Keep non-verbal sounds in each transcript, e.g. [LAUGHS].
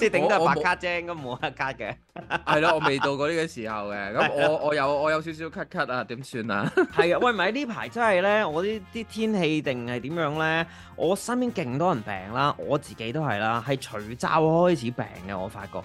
即係頂得白卡精，應該冇黑卡嘅。係咯， [LAUGHS] 我未到過呢個時候嘅。咁我 [LAUGHS] 我，我有我有少少咳咳啊，點算啊？係 [LAUGHS] 啊，喂，唔係呢排真係咧，我呢啲天氣定係點樣咧？我身邊勁多人病啦，我自己都係啦，係隨罩開始病嘅，我發覺係。誒、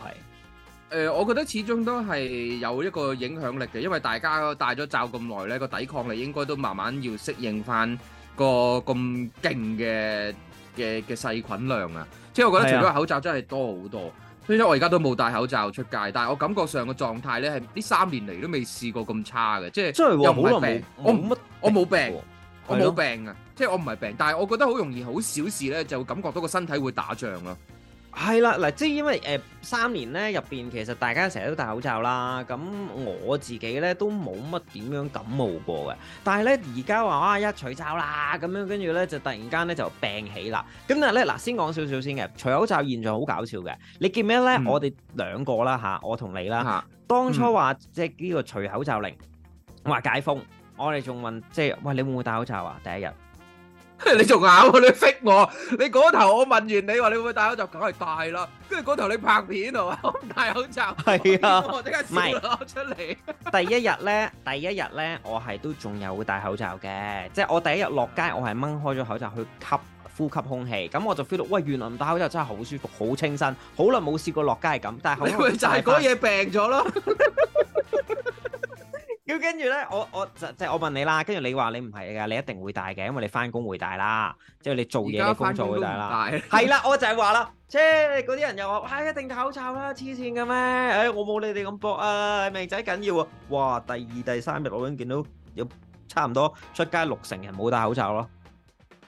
呃，我覺得始終都係有一個影響力嘅，因為大家戴咗罩咁耐咧，個抵抗力應該都慢慢要適應翻個咁勁嘅。嘅嘅細菌量啊，即係我覺得除咗個口罩真係多好多，所以是、啊、我而家都冇戴口罩出街，但係我感覺上個狀態咧係呢三年嚟都未試過咁差嘅，即係又唔係病，我冇乜，我冇病，我冇病啊是的，即係我唔係病，但係我覺得好容易好小事咧就會感覺到個身體會打仗咯。係啦，嗱，即係因為誒、呃、三年咧入邊，面其實大家成日都戴口罩啦，咁我自己咧都冇乜點樣感冒過嘅。但係咧而家話哇一除罩啦，咁樣跟住咧就突然間咧就病起啦。咁但係咧嗱，先講少少先嘅，除口罩現象好搞笑嘅。你見咩咧？我哋兩個啦吓，我同你啦，當初話、嗯、即係呢個除口罩令，話解封，我哋仲問即係喂你會唔會戴口罩啊？第一日。你仲咬我？你 fit 我？你嗰頭我問完你話你，你會唔會戴口罩？梗係戴啦。跟住嗰頭你拍片係嘛？我唔戴口罩。係是啊我刻，是我即唔係。出嚟。第一日咧，第一日咧，我係都仲有戴口罩嘅。即係我第一日落街，我係掹開咗口罩去吸呼吸空氣咁我就 feel 到，喂，原來唔戴口罩真係好舒服，好清新，好耐冇試過落街係咁。但係，是就係嗰嘢病咗咯。 [LAUGHS] 叫跟住咧，我我就即係我問你啦，跟住你話你唔係噶，你一定會戴嘅，因為你翻工會戴啦，即係你做嘢嘅工作會戴啦。係啦，我就係話啦，即係嗰啲人又話，唉，一定戴口罩啦，黐線嘅咩？唉，我冇你哋咁搏啊，命仔緊要啊！哇，第二第三日我已經見到有差唔多出街六成人冇戴口罩咯。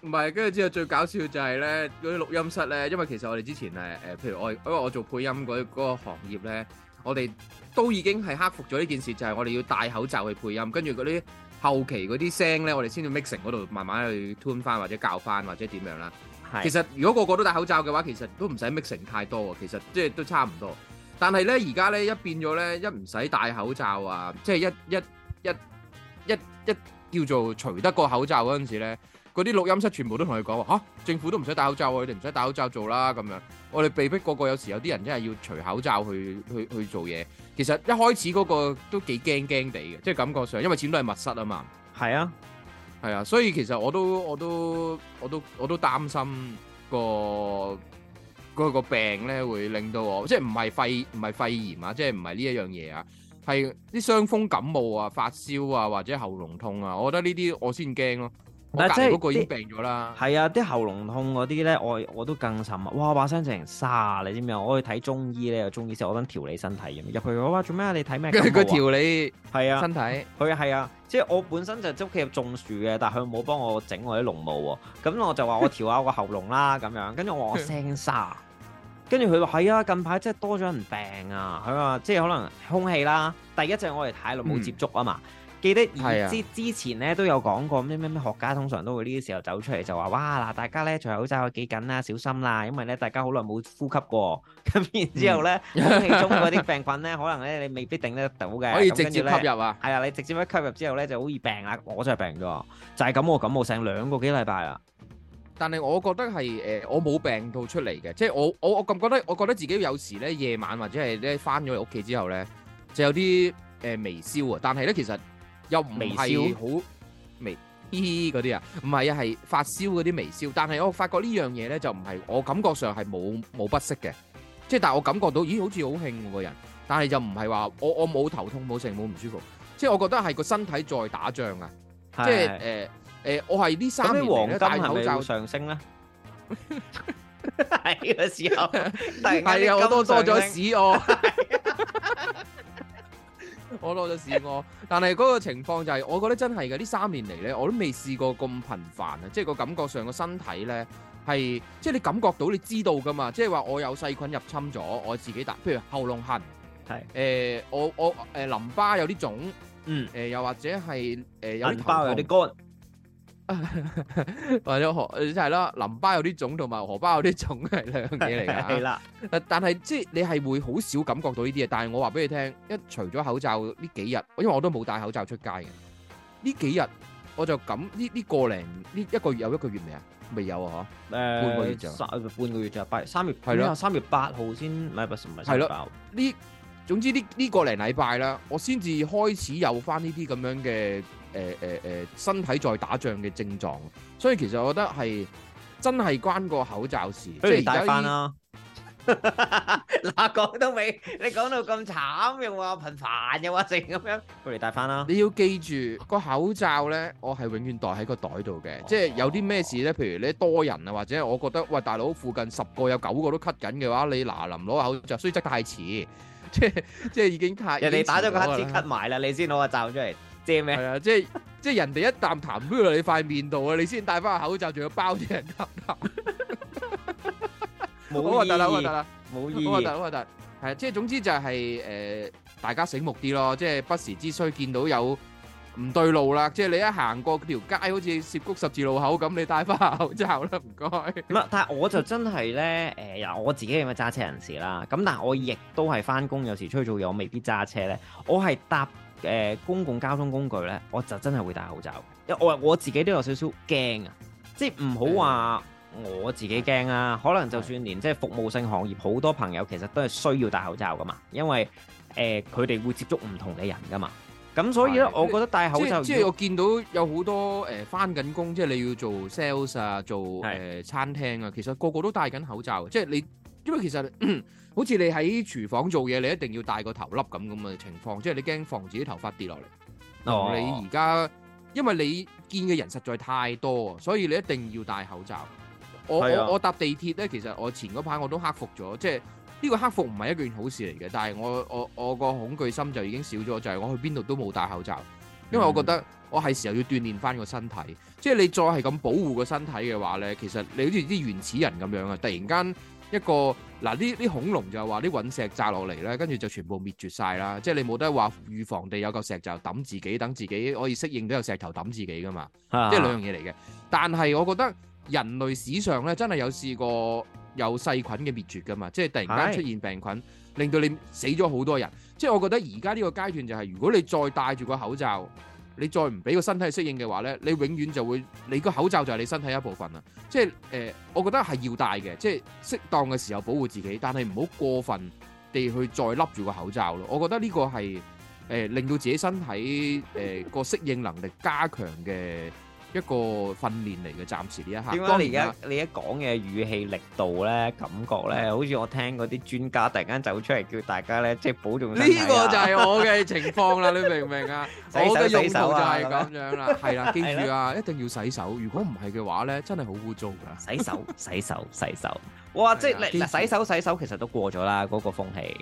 唔係，跟住之後最搞笑就係咧，嗰啲錄音室咧，因為其實我哋之前誒誒，譬如我因為我做配音嗰嗰個行業咧，我哋。都已經係克服咗呢件事，就係、是、我哋要戴口罩去配音，跟住嗰啲後期嗰啲聲咧，我哋先至 mixing 嗰度慢慢去 tune 翻或者校翻或者點樣啦。是其實如果個個都戴口罩嘅話，其實都唔使 mixing 太多喎。其實即係都差唔多。但係咧，而家咧，一變咗咧，一唔使戴口罩啊，即係一一一一一。一一一一一叫做除得個口罩嗰陣時咧，嗰啲錄音室全部都同佢講話嚇，政府都唔使戴口罩，我哋唔使戴口罩做啦咁樣。我哋被迫個個有時有啲人真係要除口罩去去去做嘢。其實一開始嗰個都幾驚驚地嘅，即係感覺上，因為始終都係密室啊嘛。係啊，係啊，所以其實我都我都我都我都我都擔心嗰個嗰個病咧會令到我，即係唔係肺唔係肺炎啊，即係唔係呢一樣嘢啊。係啲傷風感冒啊，發燒啊，或者喉嚨痛啊，我覺得呢啲我先驚咯。但係、就是、隔籬嗰個已經病咗啦。係啊，啲喉嚨痛嗰啲咧，我我都更慘。哇，把聲成沙，你知唔知啊？我去睇中醫咧，中醫師我想調理身體，入去我話做咩啊？你睇咩？佢調理係啊， [LAUGHS] 身體。佢係啊，啊，啊，啊，啊，即係我本身就屋企有種樹嘅，但係佢冇幫我整我啲龍毛喎。咁我就話我調下我個喉嚨啦，咁 [LAUGHS] 樣。跟住我聲沙。 [LAUGHS] [LAUGHS] 跟住佢話：係啊，近排真係多咗人病啊！佢話：即係可能空氣啦，第一就係我哋太耐冇接觸啊嘛。嗯、記得之、啊、之前咧都有講過，咩咩咩學家通常都會呢啲時候走出嚟就話：哇嗱，大家咧最好揸好幾緊啦，小心啦，因為咧大家好耐冇呼吸過。咁 [LAUGHS] 然後之後咧，嗯、空氣中嗰啲病菌咧， [LAUGHS] 可能咧你未必頂得到嘅。可以直接吸入啊！係啊， [LAUGHS] 你直接一吸入之後咧就好易病啦，我就係病咗，就係、是、感我感冒成兩個幾禮拜啊！但係我覺得係誒、呃，我冇病到出嚟嘅，即係我我我咁覺得，我覺得自己有時咧夜晚或者係咧翻咗嚟屋企之後咧，就有啲誒微燒啊，但係咧其實又唔係好微啲嗰啲啊，唔係啊，係發燒嗰啲微燒，但係我發覺呢樣嘢咧就唔係，我感覺上係冇冇不適嘅，即係但我感覺到咦好似好興個人，但係就唔係話我我冇頭痛冇性、冇唔舒服，即係我覺得係個身體在打仗啊，即係誒。就是呃誒、呃，我係呢三年咧戴口罩上升咧，係 [LAUGHS] 個時候，係 [LAUGHS] 啊，我都多咗屎我， [LAUGHS] 我多咗屎我，但係嗰個情況就係，是，我覺得真係嘅，呢三年嚟，咧，我都未試過咁頻繁啊，即、就、係、是、個感覺上個身體咧係，即係、就是、你感覺到你知道噶嘛，即係話我有細菌入侵咗，我自己打，譬如喉嚨痕，係是，誒、呃，我我誒淋巴有啲腫，嗯，誒又、呃、或者係誒、呃、有啲包有啲乾。或者荷即係咯，淋巴有啲腫，同埋荷包有啲腫係兩樣嘢嚟噶。係啦，但係即係你係會好少感覺到呢啲嘢。但係我話俾你聽，一除咗口罩呢幾日，因為我都冇戴口罩出街嘅。呢幾日我就咁呢，呢個零呢一個月，有一個月未啊？未有啊？嗬？誒，半個月就，半個月就八三月。係咯，三月八號先，唔係唔係三月八號。呢，總之呢，呢個零禮拜啦，我先至開始有返呢啲咁樣嘅。誒誒誒，身體在打仗嘅症狀，所以其實我覺得係真係關個口罩事。不如戴翻上啦！嗱，講到尾，你講到咁慘又話頻繁又話成咁樣，不如戴翻啦！你要記住個口罩咧，我係永遠袋喺個袋度嘅。哦、即係有啲咩事咧，譬如你多人啊，或者我覺得喂，大佬附近十個有九個都咳緊嘅話，你嗱臨攞口罩，雖則太遲，即係即係已經太人哋打咗個乞嗤咳埋啦，你先攞個罩出嚟。係啊，即係即係人哋一啖痰飆落你塊面度啊，你先戴翻個口罩，仲要包住人噏噏，冇意義。冇意義。冇意義。冇意義。係啊，即係總之就係誒，大家醒目啲咯，即係不時之需見到有唔對路啦，即係你一行過條街好似涉谷十字路口咁，你戴翻個口罩啦，唔該。唔係，但係我就真係咧誒，我自己係咪揸車人士啦？咁但係我亦都係翻工，有時出去做嘢，我未必揸車咧，我係搭。誒、呃，公共交通工具咧，我就真係會戴口罩，因為我我自己都有少少驚啊，即係唔好話我自己驚啊。可能就算連即係服務性行業，好多朋友其實都係需要戴口罩噶嘛，因為誒佢哋會接觸唔同嘅人噶嘛，咁所以咧，對我覺得戴口罩，即係我見到有好多誒返緊工，即係你要做 sales 啊，做誒、呃、餐廳啊，其實個個都戴緊口罩，即係你。因為其實 [COUGHS] 好似你喺廚房做嘢，你一定要戴個頭笠咁咁嘅情況，即係你驚防止啲頭髮跌落嚟。哦，而你而家因為你見嘅人實在太多，所以你一定要戴口罩。我、啊、我我搭地鐵咧，其實我前嗰排我都克服咗，即係呢個克服唔係一件好事嚟嘅。但係我我我個恐懼心就已經少咗，就係、是、我去邊度都冇戴口罩，因為我覺得我係時候要鍛煉翻個身體。嗯、即係你再係咁保護個身體嘅話咧，其實你好似啲原始人咁樣啊，突然間。一個嗱，呢啲恐龍就話啲隕石炸落嚟咧，跟住就全部滅絕晒啦。即係你冇得話預防地有嚿石就揼自己，等自己可以適應到有石頭揼自己噶嘛。啊、即係兩樣嘢嚟嘅。但係我覺得人類史上咧真係有試過有細菌嘅滅絕噶嘛。即係突然間出現病菌，是的 令到你死咗好多人。即係我覺得而家呢個階段就係，如果你再戴住個口罩。你再唔俾個身體適應嘅話呢，你永遠就會，你個口罩就係你身體一部分啦。即係、呃、我覺得係要戴嘅，即係適當嘅時候保護自己，但係唔好過分地去再笠住個口罩咯。我覺得呢個係、呃、令到自己身體誒、呃、個適應能力加強嘅。一個訓練嚟嘅，暫時呢一刻。點解你而家你一講嘅語氣力度咧，感覺咧，好似我聽嗰啲專家突然間走出嚟，叫大家咧，即係保重。呢個就係我嘅情況啦， [LAUGHS] 你明唔明啊？洗手洗手就係咁樣啦，係啦，記住啊，一定要洗手。如果唔係嘅話咧，真係好污糟噶。洗手洗手洗手。哇，即係嗱洗手洗手，其實都過咗啦，嗰個風氣。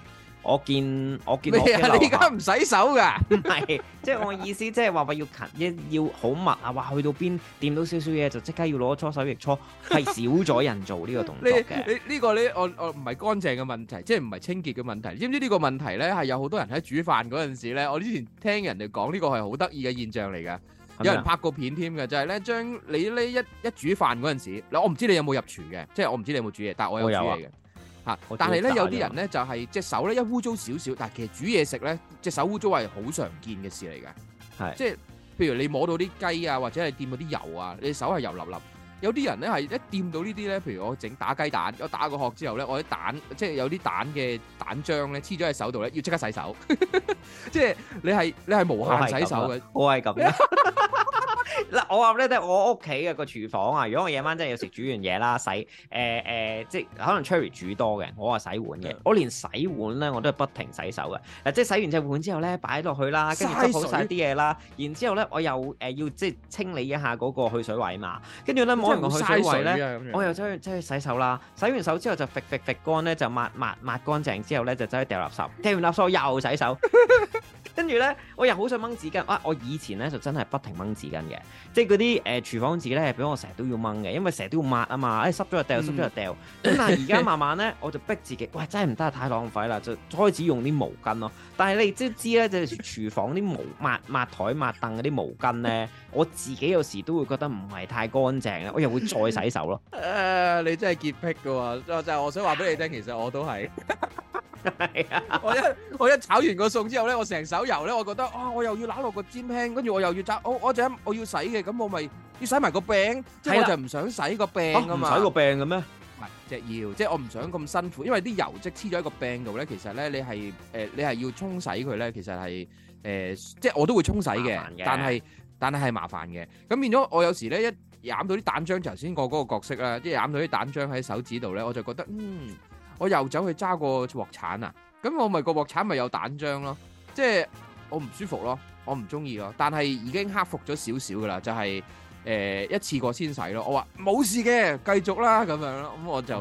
我見我見你而家唔洗手噶，唔係，即係我意思，即係話話要勤一要好密啊！話去到邊掂到少少嘢就即刻要攞搓手液搓，係 [LAUGHS] 少咗人做呢個動作呢、這個呢個你我我唔係乾淨嘅問題，即係唔係清潔嘅問題。知唔知呢個問題咧係有好多人喺煮飯嗰陣時咧？我之前聽人哋講呢個係好得意嘅現象嚟㗎，是是有人拍過片添嘅，就係、是、咧將你呢一一,一煮飯嗰陣時，嗱我唔知你有冇入廚嘅，即係我唔知你有冇煮嘢，但我有煮嘢嘅。有 [LAUGHS] 嚇！但係咧，有啲人咧就係隻手咧一污糟少少，但係其實煮嘢食咧隻手污糟係好常見嘅事嚟嘅，係即係譬如你摸到啲雞啊，或者係掂過啲油啊，你手係油立立。有啲人咧係一掂到呢啲咧，譬如我整打雞蛋，我打個殼之後咧，我啲蛋即係有啲蛋嘅蛋漿咧黐咗喺手度咧，要即刻洗手。即係你係你係無限洗手嘅，我係咁嘅。嗱，我話咧，即我屋企嘅個廚房啊！如果我夜晚真係要食煮完嘢啦，洗誒誒、呃呃，即係可能 Cherry 煮多嘅，我話洗碗嘅，嗯、我連洗碗咧我都係不停洗手嘅。嗱，即係洗完隻碗之後咧，擺落去啦，跟住執好晒啲嘢啦，然之後咧我又誒、呃、要即係清理一下嗰個去水位嘛，跟住咧抹完去水位咧，這樣 我又走去即係洗手啦。洗完手之後就揈揈揈乾咧，就抹抹抹乾淨之後咧，就走去掉垃圾。掉完垃圾又洗手。 [LAUGHS] 跟住呢，我又好想掹紙巾啊！我以前呢，就真係不停掹紙巾嘅，即係嗰啲誒廚房紙呢，俾我成日都要掹嘅，因為成日都要抹啊嘛，誒濕咗就掉，濕咗就掉。咁、嗯、但係而家慢慢呢，我就逼自己，喂，真係唔得，太浪費啦，就開始用啲毛巾咯。但係你知係知呢，就係、是、廚房啲毛抹抹台抹凳嗰啲毛巾呢，我自己有時都會覺得唔係太乾淨咧，我又會再洗手咯。誒、呃，你真係潔癖㗎喎，就係我想話俾你聽， [LAUGHS] 其實我都係。係啊！ [LAUGHS] 我一我一炒完個餸之後咧，我成手油咧，我覺得啊、哦，我又要攞落個煎輕，跟住我又要執，我我就我要洗嘅，咁我咪要洗埋個餅，的即係我就唔想洗個餅啊嘛！啊唔洗個餅嘅咩？唔係要，即係我唔想咁辛苦，因為啲油漬黐咗喺個餅度咧，其實咧你係誒，你係、呃、要沖洗佢咧，其實係誒、呃，即係我都會沖洗嘅，但係但係係麻煩嘅。咁變咗我有時咧一染到啲蛋漿，頭先我嗰個角色啦，即係染到啲蛋漿喺手指度咧，我就覺得嗯。我又走去揸個鑊鏟啊，咁我咪個鑊鏟咪有蛋漿咯，即係我唔舒服咯，我唔中意咯，但係已經克服咗少少噶啦，就係、是、誒、呃、一次過先洗咯。我話冇事嘅，繼續啦咁樣咯，咁我就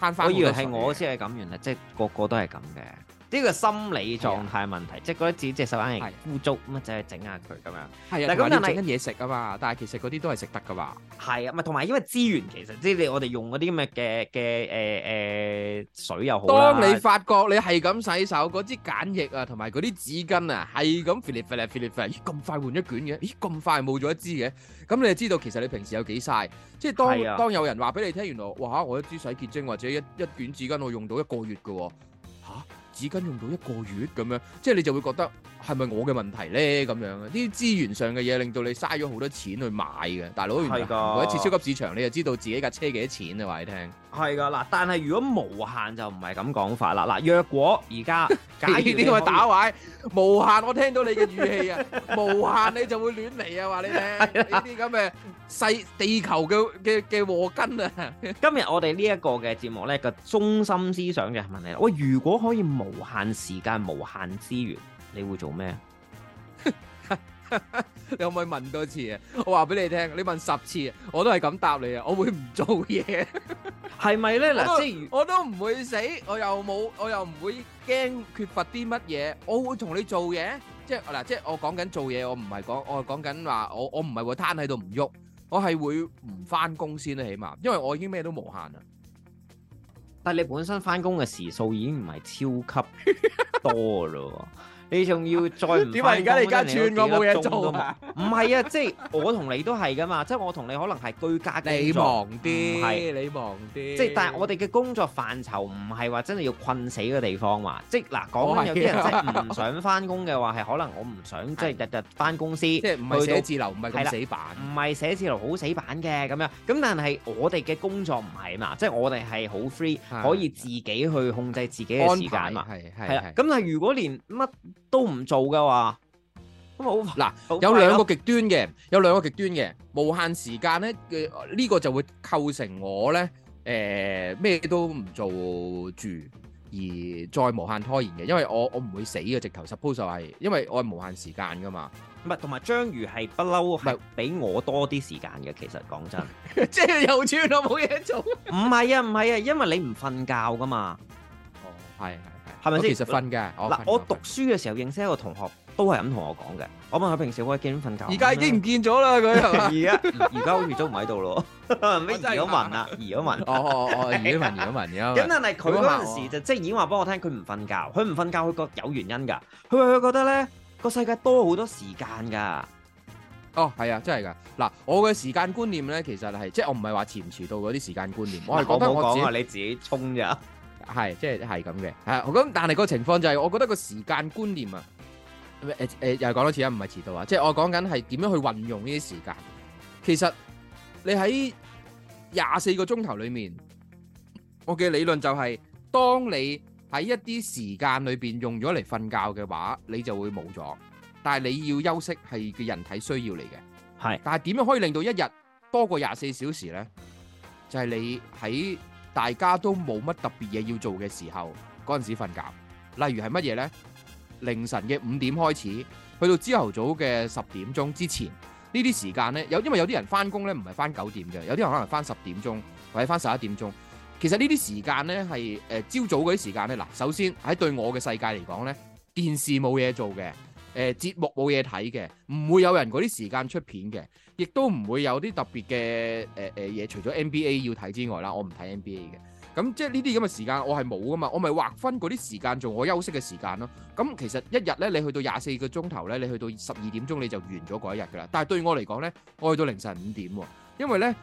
慳翻。哦，我以為係我先係咁樣啦，原來即係個個都係咁嘅。呢個心理狀態問題，啊、即係覺得自己隻手反而污糟，咁就去整下佢咁樣。係啊，但係咁你整緊嘢食啊嘛，但係其實嗰啲都係食得噶嘛。係啊，同埋因為資源其實即係我哋用嗰啲咁嘅嘅誒誒水又好。當你發覺你係咁洗手，嗰支梘液啊，同埋嗰啲紙巾啊，係咁 fill it fill it fill it fill 咦咁快換一卷嘅？咦咁快冇咗一支嘅？咁你就知道其實你平時有幾晒。即係、啊、當當有人話俾你聽，原來,原來哇，我一支洗潔精或者一一卷紙巾我用到一個月嘅喎，吓？紙巾用到一個月咁樣，即係你就會覺得。係咪我嘅問題咧？咁樣啊，啲資源上嘅嘢令到你嘥咗好多錢去買嘅，大佬。係噶。每一次超級市場，你就知道自己架車幾多錢啊？話你聽。係噶嗱，但係如果無限就唔係咁講法啦。嗱，若果而家，解決呢個打壞？無限，我聽到你嘅語氣啊， [LAUGHS] 無限你就會亂嚟啊！話 [LAUGHS] 你聽，呢啲咁嘅細地球嘅嘅嘅禍根啊！ [LAUGHS] 今日我哋呢一個嘅節目咧，個中心思想嘅係問你啦，喂，如果可以無限時間、無限資源？你會做咩？ [LAUGHS] 你可唔可以問多次啊？我話俾你聽，你問十次，我都係咁答你啊！我會唔做嘢，係咪咧？嗱，即我都唔會死，我又冇，我又唔會驚缺乏啲乜嘢，我會同你做嘢。即係嗱，即係我講緊做嘢，我唔係講我講緊話，我我唔係會攤喺度唔喐，我係會唔翻工先啦，起碼，因為我已經咩都無限啦。但係你本身翻工嘅時數已經唔係超級多咯。 [LAUGHS] 你仲要再點解，而家你而家串過冇嘢做啊！唔係啊，即係我同你都係㗎嘛，即係我同你可能係居家嘅工作，你忙啲，係你忙啲。即係但係我哋嘅工作範疇唔係話真係要困死嘅地方嘛。即係嗱，講緊有啲人即係唔想翻工嘅話，係可能我唔想即係日日翻公司，即係唔係寫字樓唔係咁死板，唔係寫字樓好死板嘅咁樣。咁但係我哋嘅工作唔係啊嘛，即係我哋係好 free，可以自己去控制自己嘅時間嘛。係係，咁但係如果連乜都唔做噶話咁啊好，嗱有兩個極端嘅，有兩個極端嘅無限時間咧嘅，呢個就會構成我咧誒咩都唔做住而再無限拖延嘅，因為我我唔會死嘅，直頭 suppose 係，因為我係無限時間噶嘛唔係同埋章魚係不嬲係俾我多啲時間嘅，其實講真，即係又轉到冇嘢做。唔係啊唔係啊，因為你唔瞓覺噶嘛哦係係。其實瞓嘅嗱，我，我讀書嘅時候認識一個同學，都係咁同我講嘅。我問佢平時會幾點瞓覺？而家已經唔見咗啦，佢而家而家好似都唔喺度咯，咩移咗雲啦，移咗文。哦移咗文，移咗雲。咁但係佢嗰陣時就即係已經話畀我聽，佢唔瞓覺，佢唔瞓覺，佢覺有原因噶。佢話佢覺得咧個世界多好多時間噶。哦，係啊，真係噶。嗱，我嘅時間觀念咧，其實係即係我唔係話遲唔遲到嗰啲時間觀念，我係覺得我自己你自己衝啫。係，即係係咁嘅，係咁。但係個情況就係，我覺得個時間觀念啊，誒誒，又係講多次啊，唔係遲到啊，即係我講緊係點樣去運用呢啲時間。其實你喺廿四個鐘頭裏面，我嘅理論就係，當你喺一啲時間裏邊用咗嚟瞓覺嘅話，你就會冇咗。但係你要休息係嘅人體需要嚟嘅，係。但係點樣可以令到一日多過廿四小時咧？就係你喺。大家都冇乜特別嘢要做嘅時候，嗰陣時瞓覺。例如係乜嘢呢？凌晨嘅五點開始，去到朝頭早嘅十點鐘之前，呢啲時間呢，有因為有啲人翻工呢唔係翻九點嘅，有啲人可能翻十點鐘或者翻十一點鐘。其實呢啲時間呢係誒朝早嗰啲時間呢。嗱、呃，首先喺對我嘅世界嚟講呢，電視冇嘢做嘅。誒節目冇嘢睇嘅，唔會有人嗰啲時間出片嘅，亦都唔會有啲特別嘅誒誒嘢，除咗 NBA 要睇之外啦，我唔睇 NBA 嘅。咁即係呢啲咁嘅時間我，我係冇噶嘛，我咪劃分嗰啲時間做我休息嘅時間咯。咁其實一日咧，你去到廿四個鐘頭咧，你去到十二點鐘你就完咗嗰一日噶啦。但係對我嚟講咧，我去到凌晨五點喎，因為咧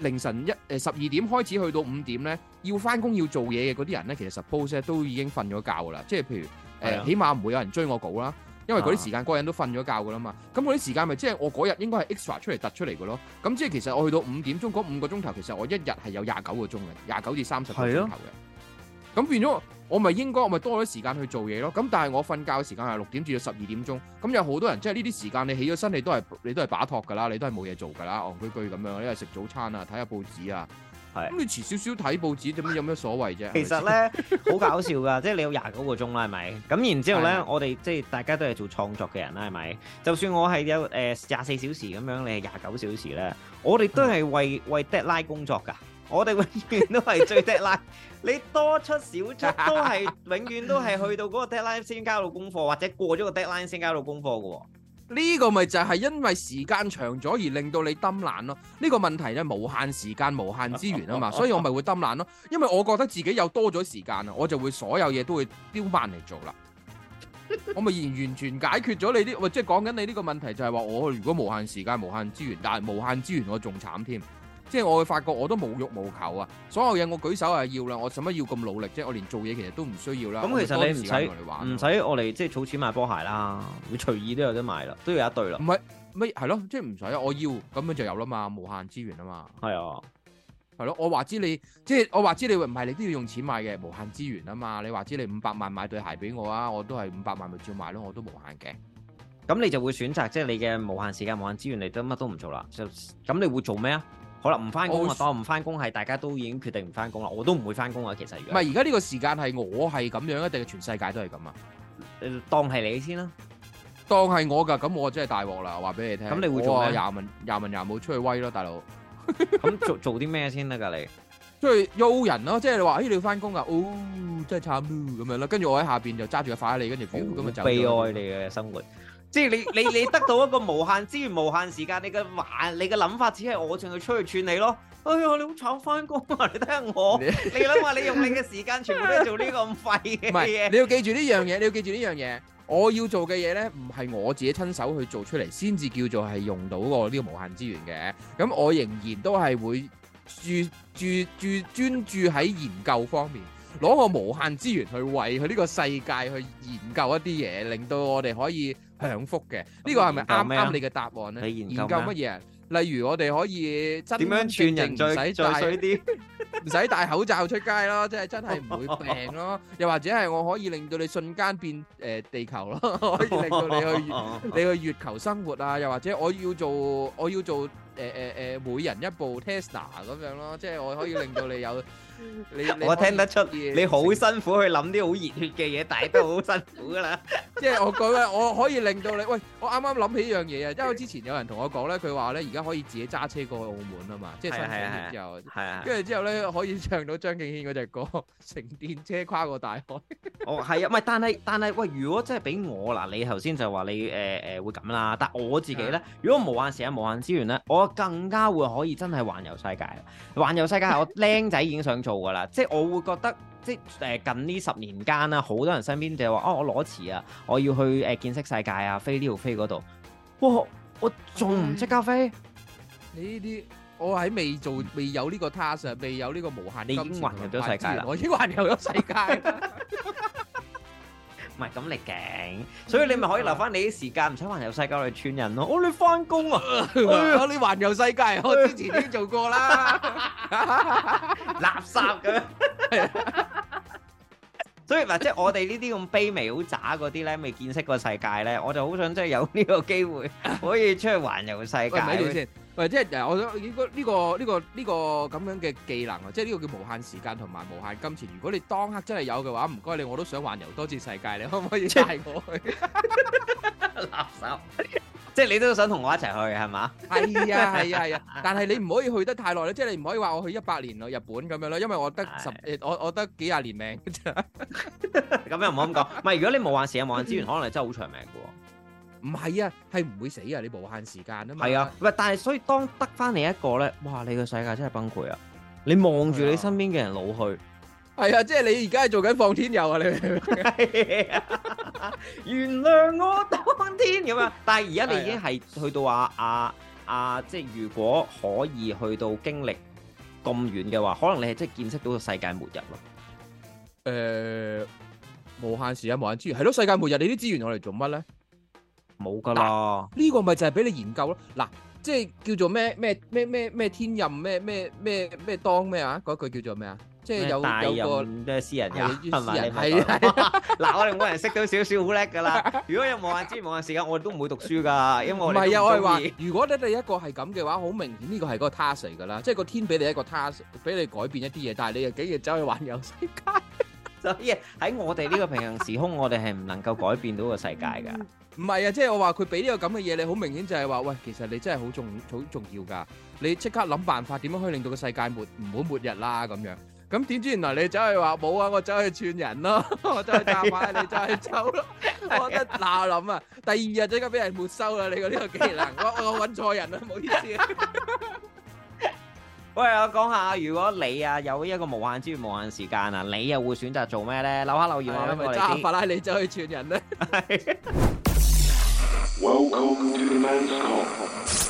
凌晨一誒十二點開始去到五點咧，要返工要做嘢嘅嗰啲人咧，其實 suppose 都已經瞓咗覺噶啦。即係譬如誒，呃、的起碼唔會有人追我稿啦。因為嗰啲時間個人都瞓咗覺噶啦嘛，咁嗰啲時間咪即係我嗰日應該係 extra 出嚟突出嚟噶咯，咁即係其實我去到五點鐘嗰五個鐘頭，其實我一日係有廿九個鐘嘅，廿九至三十個鐘頭嘅，咁是、啊、變咗我咪應該我咪多咗時間去做嘢咯，咁但係我瞓覺嘅時間係六點至到十二點鐘，咁有好多人即係呢啲時間你起咗身你都係你都係把托噶啦，你都係冇嘢做噶啦，戇居居咁樣，你係食早餐啊，睇下報紙啊。係咁你遲少少睇報紙點有咩所謂啫？是其實咧好搞笑噶，即係你有廿九個鐘啦，係咪？咁然之後咧，的我哋即係大家都係做創作嘅人啦，係咪？就算我係有誒廿四小時咁樣，你係廿九小時咧，我哋都係為、嗯、為 deadline 工作噶，我哋永遠都係最 deadline。 [LAUGHS] 你多出少出都係永遠都係去到嗰個 deadline 先交到功課，或者過咗個 deadline 先交到功課嘅喎。呢個咪就係因為時間長咗而令到你抌爛咯，呢個問題咧，無限時間無限資源啊嘛，所以我咪會抌爛咯，因為我覺得自己有多咗時間啊，我就會所有嘢都會丟翻嚟做啦，我咪完完全解決咗你啲，即係講緊你呢個問題就係話我如果無限時間無限資源，但係無限資源我仲慘添。即係我會發覺我都無欲無求啊！所有嘢，我舉手係要啦，我使乜要咁努力？即係我連做嘢其實都唔需要啦。咁其實你唔使我嚟玩，唔使我嚟即係儲錢買波鞋啦，你隨意都有得買啦，都要有一對啦。唔係咩係咯？即係唔使我要咁樣就有啦嘛，無限資源啊嘛。係啊的，係咯。我話知你即係我話知你唔係你都要用錢買嘅，無限資源啊嘛。你話知你五百萬買對鞋俾我啊，我都係五百萬咪照買咯，我都無限嘅。咁你就會選擇即係你嘅無限時間、無限資源，你都乜都唔做啦，就咁你會做咩啊？好啦，唔翻工啊，當唔翻工係大家都已經決定唔翻工啦，我都唔會翻工啊，其實。唔係而家呢個時間係我係咁樣，一定係全世界都係咁啊？當係你先啦，當係我噶，咁我真係大鑊啦！話俾你聽。咁你會做咩？廿文廿文廿冇出去威咯，大佬。咁做做啲咩先得㗎？隔離。出去邀人咯，即係你話，咦，你要翻工㗎？哦，真係慘喎！咁樣啦，跟住我喺下邊就揸住個筷子，跟住咁啊走。悲哀你嘅生活。 [LAUGHS] 即係你，你你得到一個無限資源、無限時間，你嘅話，你嘅諗法只係我仲要出去勸你咯。哎呀，你好慘翻工啊！你聽我， [LAUGHS] 你諗下，你用你嘅時間全部都係做呢、這個咁廢嘅嘢。你要記住呢樣嘢，你要記住呢樣嘢。我要做嘅嘢咧，唔係我自己親手去做出嚟，先至叫做係用到我呢個無限資源嘅。咁我仍然都係會專注注注專注喺研究方面，攞我無限資源去為佢呢個世界去研究一啲嘢，令到我哋可以。享福嘅，呢個係咪啱啱你嘅答案咧？研究乜嘢？例如我哋可以真點樣轉型，唔使戴唔使 [LAUGHS] [LAUGHS] 戴口罩出街咯，即係真係唔會病咯。 [LAUGHS] 又或者係我可以令到你瞬間變誒、呃、地球咯， [LAUGHS] 可以令到你去你去月球生活啊。又或者我要做我要做。誒誒誒，每人一部 Tesla 咁樣咯，即係我可以令到你有 [LAUGHS] 你，你我聽得出西你好辛苦去諗啲好熱血嘅嘢， [LAUGHS] 但係都好辛苦㗎啦。即係我講，我可以令到你喂，我啱啱諗起一樣嘢啊，因為之前有人同我講咧，佢話咧而家可以自己揸車過去澳門啊嘛，即係新嘅之後係啊，跟住、啊啊、之後咧可以唱到張敬軒嗰隻歌《乘電車跨過大海。》 [LAUGHS] 哦，係啊，唔係，但係但係喂，如果真係俾我嗱，你頭先就話你誒誒、呃呃、會咁啦，但係我自己咧，如果無限時間、無限資源咧，我更加會可以真係環遊世界。環遊世界，我僆仔已經想做噶啦。 [LAUGHS] 即係我會覺得，即係誒近呢十年間啦，好多人身邊就話：哦，我攞錢啊，我要去誒、呃、見識世界啊，飛呢度飛嗰度。哇！我仲唔即刻飛？你呢啲我喺未做，未有呢個 task，未有呢個無限。你已經環遊咗世界啦！我已經環遊咗世界。唔係咁你勁，所以你咪可以留翻你啲時間，唔使、嗯、環遊世界嚟串人咯。我、哦、你翻工啊！哎、呀你環遊世界，哎、呀我之前已經做過啦。 [LAUGHS] 垃圾咁， [LAUGHS] [LAUGHS] 所以嗱，即係我哋呢啲咁卑微、好渣嗰啲咧，未見識過世界咧，我就好想即係有呢個機會，可以出去環遊世界。即係，我想、呢個、呢個呢、呢個呢、呢個咁樣嘅技能啊，即係呢個叫無限時間同埋無限金錢。如果你當刻真係有嘅話，唔該你，我都想環遊多次世界，你可唔可以帶我去？垃圾！即係你都想同我一齊去係嘛？係啊係啊係啊！但係你唔可以去得太耐咧，即係你唔可以話我去一百年咯，日本咁樣咯，因為我得十，啊、我我得幾廿年命。咁又唔好咁講。唔係，如果你無限時間、無限資源，可能你真係好長命嘅喎。唔係啊，係唔會死啊！你無限時間啊嘛。係啊，唔但係所以當得翻嚟，一個咧，哇！你個世界真係崩潰啊！你望住你身邊嘅人老去，係啊，啊，即係你而家係做緊放天遊，啊！你啊 [LAUGHS] 原諒我當天咁啊！但係而家你已經係去到啊啊啊，啊！即係如果可以去到經歷咁遠嘅話，可能你係即係見識到個世界末日咯。誒、呃，無限時間、無限資源，係咯、啊？世界末日，你啲資源攞嚟做乜咧？冇噶啦，呢、這個咪就係俾你研究咯。嗱，即係叫做咩咩咩咩咩天任咩咩咩咩當咩啊？嗰、那、句、個、叫做咩啊？即係有大帶任嘅個私人嘢係咪？係嗱，我哋冇人識到少少好叻噶啦。 [LAUGHS] 如果有無限知、無限時間，我哋都唔會讀書噶，因為我唔係啊，我係話， [LAUGHS] 如果你第一個係咁嘅話，好明顯呢個係個 task 嚟噶啦，即係個天俾你一個 task，俾你改變一啲嘢，但係你又竟日走去環遊世界。 [LAUGHS] 所以喺我哋呢個平行時空， [LAUGHS] 我哋係唔能夠改變到個世界㗎。唔係啊，即係我話佢俾呢個咁嘅嘢，你好明顯就係話，喂，其實你真係好重好重要㗎。你即刻諗辦法點樣可以令到個世界末唔好末日啦咁樣。咁點知原來你走去話冇啊，我走去串人咯，我走去炸埋你，走去走咯。 [LAUGHS] [LAUGHS] 我覺得鬧諗啊，第二日即刻俾人沒收啦！你個呢個技能，我我搵錯人啦，唔好意思。 [LAUGHS] 喂，我講下，如果你啊有一個無限資源、無限時間啊，你又會選擇做咩咧？留下留言啊，咪揸法拉利走去串人咧。的 [LAUGHS]